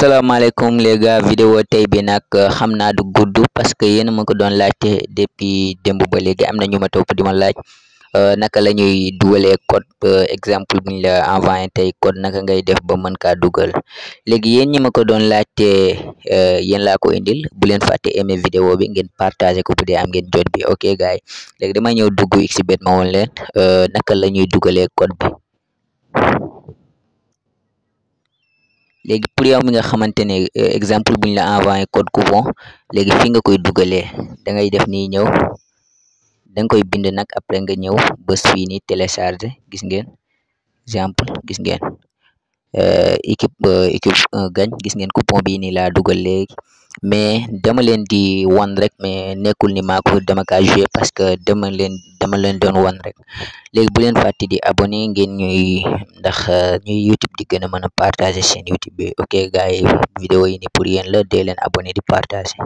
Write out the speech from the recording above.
salaamaaleykum les gars vidéo tey bi nag euh, xam naa du gudd parce que yéen ma ko doon laajte depuis démb ba léegi am na ñu ma topp di laaj euh, naka la ñuy dugalee code euh, exemple bu ñu la envoyé tey code naka ngay def ba mën kaa dugal léegi yéen ñi ma ko doon laajte yéen laa ko indil bu leen fàtte aimer vidéo bi ngeen partagé ko bu dee am ngeen jot bi ok gars yi léegi dama ñëw dugg xbet ma woon leen naka lañuy dugale dugalee code bi léegi pour yow mi nga xamante ne euh, exemple bu ñu la envoyé code coupon léegi fi nga koy dugalee da ngay def nii ñëw da koy bind nag après nga ñëw bés fii nii téléchargé gis ngeen exemple gis ngeen euh, équipe euh, équipe gañ gis ngeen coupon bii nii laa dugal léegi mais dama leen di wan rek mais nekkul ni maa ko dama kaa parce que dama leen dama leen doon wan rek léegi bu leen fàtte di abonné ngeen ñuy ndax euh, ñuy YouTube di gën a mën a partager seen YouTube bi ok gars yi vidéo yi pour yéen la dee leen abonné di partager